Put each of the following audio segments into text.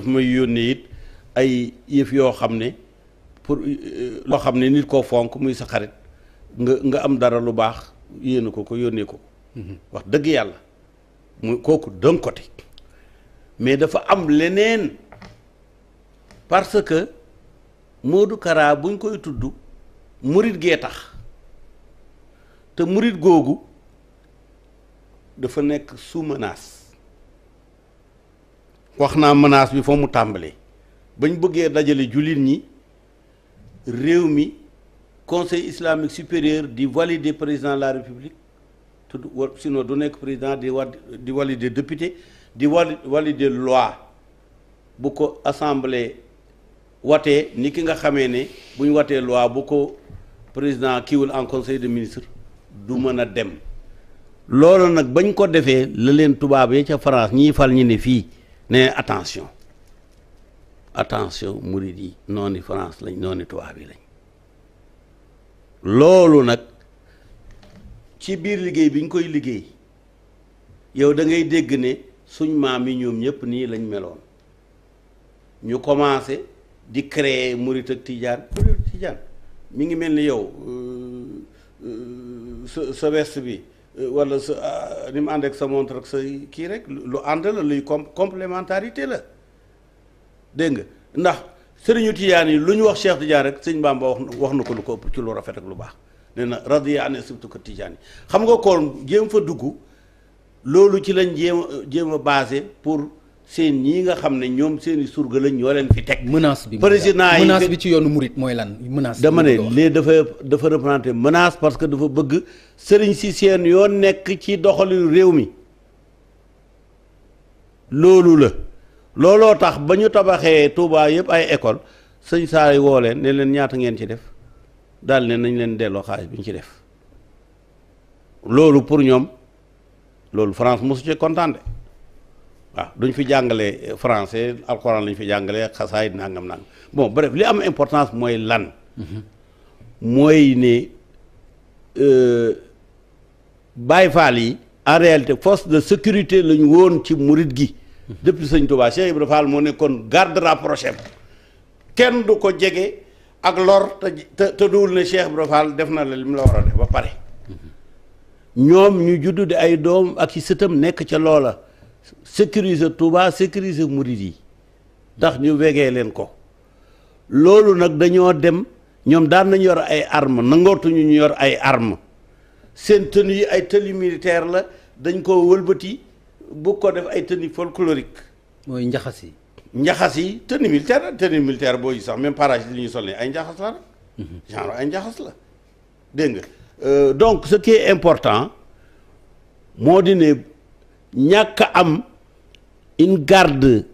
daf may yónnee it ay yëf yoo xam ne pour euh, loo xam ne nit koo fonk muy sa xarit nga nga am dara lu baax yéene ko ko yónnee ko mhm. wax dëgg yàlla mu kooku d'un mais dafa am leneen parce que Modou Kara buñ koy tudd murit gee tax te murit googu dafa nekk sous menace wax naa menace bi fa mu tàmbali bañ bëggee dajale jullit ñi réew mi conseil islamique supérieur di valider président la république te sinon du nekk président di wa di valider député di wali valider loi bu ko assemblée watee ni ki nga xamee ne buñ watee loi bu ko président kiwul en conseil de ministre du mën a dem loolu nag bañ ko defee la leen tubaab ya ca France ñiy fal ñi ne fii ne attention attention murid yi noonu France lañ noonu tubaab yi loolu nag ci biir liggéey bi ñu koy liggéey yow da ngay dégg ne suñ maam yi ñoom ñëpp nii lañ meloon ñu commencé di créer murid ak tijaan murid mi ngi mel ni yow sa sa west bi Euh, wala sa ah, ni mu ànd ak sa montre ak sa kii rek lu ànd la luy com complémentarité la dégg nga ndax sëriñu tijaan yi lu ñu wax Cheikh Tidiane rek sëñ Bamba wax wax na ko lu ko ëpp ci lu rafet ak lu baax nee na radiya an sibtu ko tijaan yi xam nga kon jéem fa dugg loolu ci lañ jéem a jéem a basé pour. seen ñii nga xam ne ñoom seen i surga lañ ñoo leen fi teg. menace bi président yi menace bi ci yoonu murit mooy lan menace. dama ne léegi dafa dafa représenté menace parce que dafa bëgg sëriñ si seen yoon nekk ci doxalin réew mi loolu la looloo tax ba ñu tabaxee Touba yëpp ay école sëñ saa yi woo leen ne leen ñaata ngeen ci def daal ne nañ leen delloo xaalis bi ñu ci def loolu pour ñoom loolu France mosu ci kontaan de waaw duñ fi jàngale français alxuraan lañu fi jàngale xasaay nangam nangam bon bref li am importance mooy lan mooy ne euh, Baay Faal yi en réalité force de sécurité lañu woon ci murit gi depuis sañ Touba Cheikh Ibrahima Fall moo nekkoon garde rapproché kenn du ko jege ak lor te te te duwul ne Cheikh Ibrahima Fall def na la li mu la war a ba pare ñoom ñu juddu di ay doom ak ci sëtam nekk ca loola sécuriser Touba sécuriser murid yi ndax ñu wegee leen ko loolu nag dañoo dem ñoom daan nañu yor ay armes nangootuñu ñu yor ay armes seen tenue yi ay tenue militaire la dañ ko wëlbati bu ko def ay tenue folklorique mooy njaxas yi njaxas yi tenue militaire la tenue militaire boo sax même parage li ñuy solne ay njaxas la rek mhm. genre ay njaxas la dégg nga euh, donc ce qui important moo di ñàkk am une garde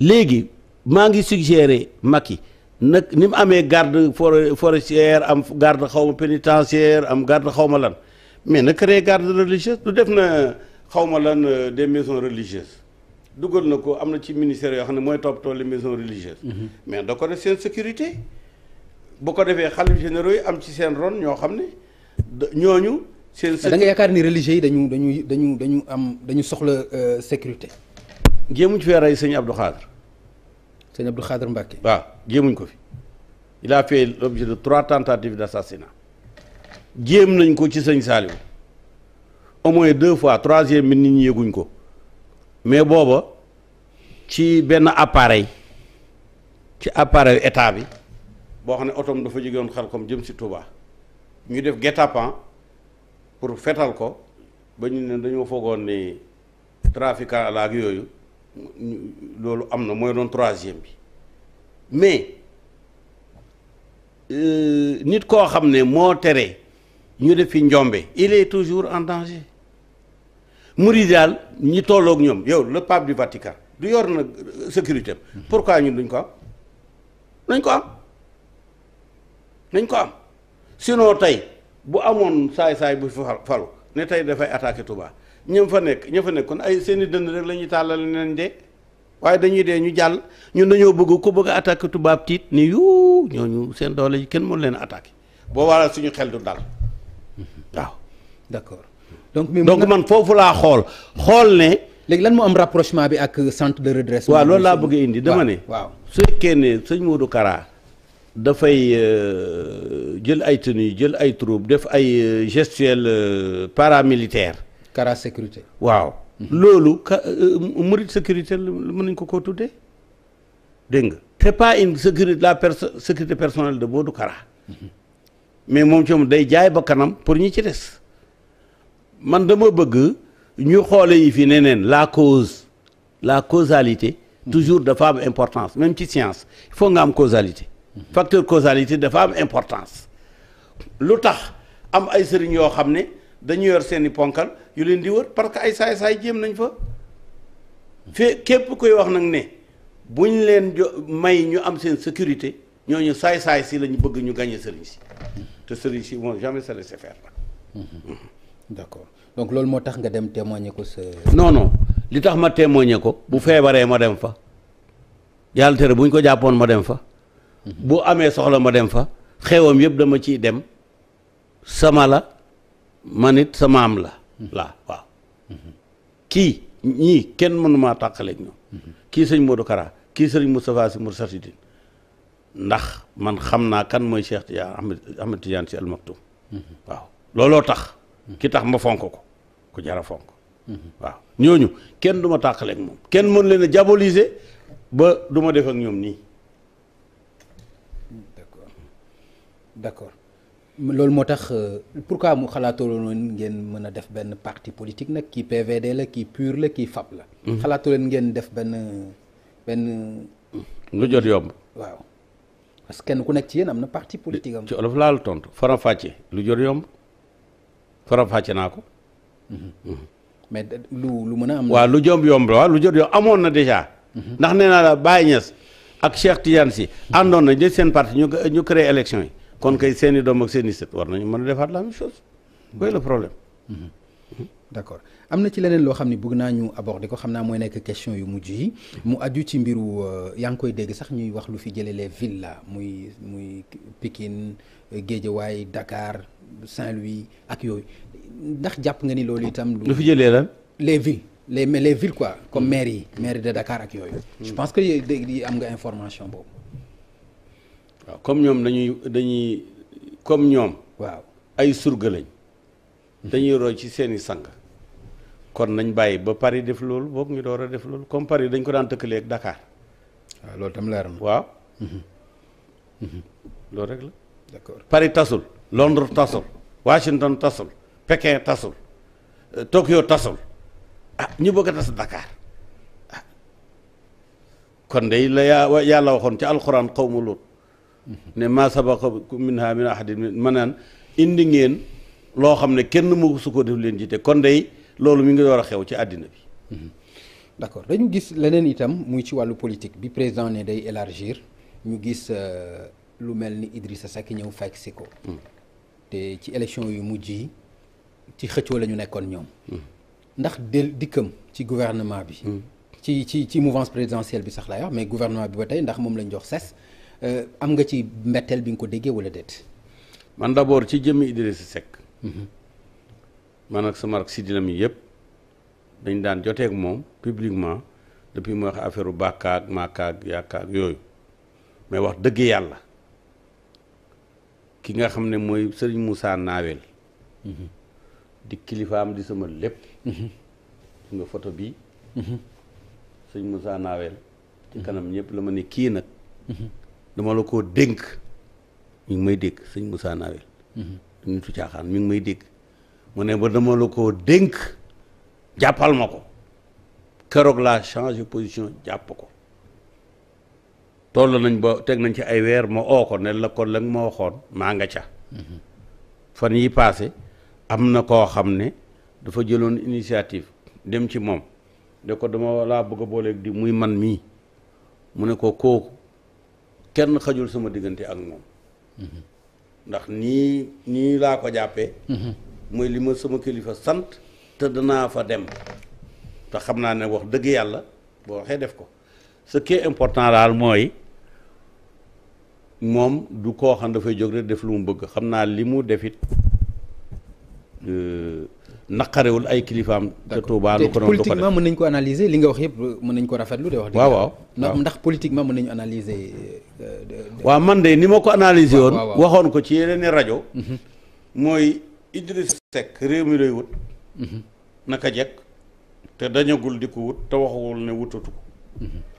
léegi maa ngi suggérer Macky nag ni mu amee garde forêt forestière am garde xaw ma pénitentiaire am garde xaw ma lan mais na créer garde religieuse du def na xaw ma lan euh, des maisons religieuses dugal na ko am na ci ministère yoo xam ne mooy toppatoo les maisons religieuses. Mhm. mais da ko def seen sécurité bu ko defee xalif généraux yi am ci seen ron ñoo xam ne ñooñu. da nga yaakaar ni religieux yi dañu dañu dañu dañu am dañu soxla euh, sécurité. jéemuñ fee rey sëñ Abdou Khadre. sëñ Abdou Khadre Mbacke. waaw jéemuñ ko fi il a fait l'objet de trois tentatives d'assassinat jéem nañ ko ci sëñ Saliou au moins deux fois troisième bi nit ñi yëguñ ko mais booba ci benn appareil ci appareil état bi boo xam ne otom dafa jógewoon xel comme jëm si Touba ñu def guet-apens pour fetal ko ba ñu ne dañoo foogoon ni trafiquant la yooyu loolu am na mooy doon troisième bi mais euh, nit koo xam ne moo tere ñu def fi njombe il est toujours en danger murid daal ñi tolloog ñoom yow le pape du Vatican du yor na sécurité pourquoi ñun duñ ko am nañ ko am nañ ko am sinon tey bu amoon saay-saay bu falu ne tey dafay attaqué Touba ñëm fa nekk ña fa nekk kon ay seeni dënn rek la ñuy tàllal leen de waaye dañuy dee ñu jàll ñun dañoo bëgg ku bëgg a attaqué Touba tiit ni yu ñooñu seen doole yi kenn mënu leen attaqué boo waral suñu xel du dal waaw d'accord donc donc man foofu laa xool xool ne léegi lan moo am rapprochement bi ak centre de redressement waa loolu laa bëgg indi dama ne waaw su fekkee ne sëñ Modou Kara dafay euh, jël ay tenues jël ay troupes def ay euh, gestuelle euh, paramilitaire kara sécurité waaw mhm. loolu ka murit sécurité mën nañ ko ko tuddee dégg nga c'est pas une sécurité la perso sécurité personnelle de Modou Kara mhm. mais moom ci moom day jaay ba kanam pour ñi ci des man dama bëgg ñu xoole yi fi neneen la cause la causalité mhm. toujours dafa am importance même ci science il nga am causalité facteur causalité dafa am importance lu tax am ay sëriñ yoo xam ne dañu yor seeni ponkal yu leen di wër parce que ay saay-saay jéem nañ fa fee képp koy wax nag ne buñ leen jo may ñu am seen sécurité ñooñu saay-saay si lañu bëgg ñu gàñe sëriñ si te sëriñ si moom jamais se laisser faire la mmh. donc loolu moo tax nga dem témoigner ko sa non li tax ma témoigner ko bu feebaree ma dem fa yàlla tere bu ñu ko jàppoon ma dem fa bu amee soxla ma dem fa xewam yépp dama ciy dem sama la man it sama am la laa waaw kii ñii kenn mënumaa tàqaleeg ñoom kii sëñ Modou Kara kii sëñ Moustapha Sy Moustarchidine ndax man xam naa kan mooy Cheikh Tidiane Ahmed Ahmed Tidiane Sy waaw looloo tax ki tax ma fonk ko ku jara fonk waaw ñooñu kenn du ma tàqaleeg moom kenn mën leen a ba du ma def ñoom nii d'accord loolu moo tax euh, pourquoi mu xalaatoo leen ngeen mën a def benn parti politique nag kii PVD la kii PUR la kii FAP la. Mhm. xalaatoo leen ngeen def benn benn. lu jot yomb. waaw parce kenn ku nekk ci yenn am na parti politique am. ci olof laa tontu faram-fàcce lu jot yomb faram-fàcce naa ko. Mhm. Mhm. mais lu lu mën a am. waaw lu jomb yomb la waaw lu jot yomb amoon na déjà. ndax nee naa la Baye Niass ak Cheikh Tidiane Sy àndoon na jël seen parti ñu ñu créé élection yi. kon kay seen i doom ak seen i sët war nañu mën a defaat la même chose. booy le problème. Mm-hmm. d' accord am na ci leneen loo xam ne bëgg naa ñu aborder ko xam naa mooy nekk question yu mujj yi mu aju ci mbiru euh, yaa ngi koy dégg sax ñuy wax lu fi jëlee les villes la muy muy Pikine Guédiawaye dakaar Saint-Louis ak yooyu ndax jàpp nga ni loolu itam. lu fi jëlee lan les villes. les les villes quoi comme maires mm. yi. maire de Dakar ak yooyu. Mm. je pense que yi am nga information boobu. waaw comme ñoom dañuy dañuy comme ñoom. waaw ay surga lañ. dañuy roy ci seeni sang. kon nañ bàyyi ba Paris def loolu boog ñu door a def loolu comme Paris dañ ko daan tëkkalee ak Dakar. waaw loolu tam leer na. Mhm. Mhm. rek la. d'accord Paris tasul. Londres tasul. Washington tasul. Pékin tasul. Euh, Tokyo tasul. ah ñu bëgg a tas Dakar. Ah. kon de la yaa yàlla waxoon ci alxuraan xaw ma lool ne maa sabaqakum minhaa min ahadin ma manaan indi ngeen loo xam ne kenn mu su ko def leen jiite kon day loolu mi ngi war a xew ci àddina bi. d'accord dañu gis leneen itam muy ci wàllu politique bi président ne day élargir ñu gis euh, lu mel ni Idrissa Seck ñëw fekk si ko. Mm. te ci élection yu mujj yi ci xëccoo la ñu nekkoon ñoom. Mm. ndax del dikkam ci gouvernement bi. Mm. ci ci ci mouvance présidentielle bi sax la yor mais gouvernement bi ba tey ndax moom lañ jox ses Euh, am nga ci mbettel bi nga ko déggee wala déet. man d'abord ci jëmmi Idrissa Seck. Mhm. man ak sama ak Sidina mi yëpp dañ daan joteek moom publiquement depuis mu wax affaire bàkkaag maakaag yaakaag yooyu mais wax dëgg yàlla ki nga xam ne mooy Serigne Moussa Nawel. Mhm. di kilifaam di sama lépp. Mhm. su nga photo bii. Serigne Moussa Nawel. ci kanam ñëpp la ma ne kii nag. dama la ko dénk mi ngi may dégg sëñ Moussa Nawel ñu mhm. tu caaxaan ngi may dégg mu ne ba dama la koo dénk jàppal ma ko keroog laa changé position jàpp ko toll nañ ba teg nañ ci ay weer ma oo ko ne la kon la ma waxoon maa nga ca mhm. fan yi passé am na koo xam ne dafa jëloon initiative dem ci moom de ko dama laa bëgg a di muy man mii mu ne ko kooku kenn xajul sama diggante ak moom ndax nii nii laa ko jàppee mooy li ma sama kilifa sant te danaa fa dem te xam naa ne wax dëgg yàlla boo waxee def ko ce qui important daal mooy moom du koo xam dafay jóg rek def lu mu bëgg xam naa li mu defit euh, naqarewul ay kilifaam. te Touba lu ko doon lu ko def politiquement mën nañu ko analyser li nga wax yëpp mën nañu ko rafetlu de wax. waaw waaw waaw ndax politiquement mën nañu analyser. Euh, waa man de ni ma ko analyser woon. waxoon ko ci yeneen i rajo. Mhm. mooy Idriss Seck réew mi lay wut. Mhm. naka jekk te dañagul di ko wut te waxuwul ne wutatu ko. Mhm.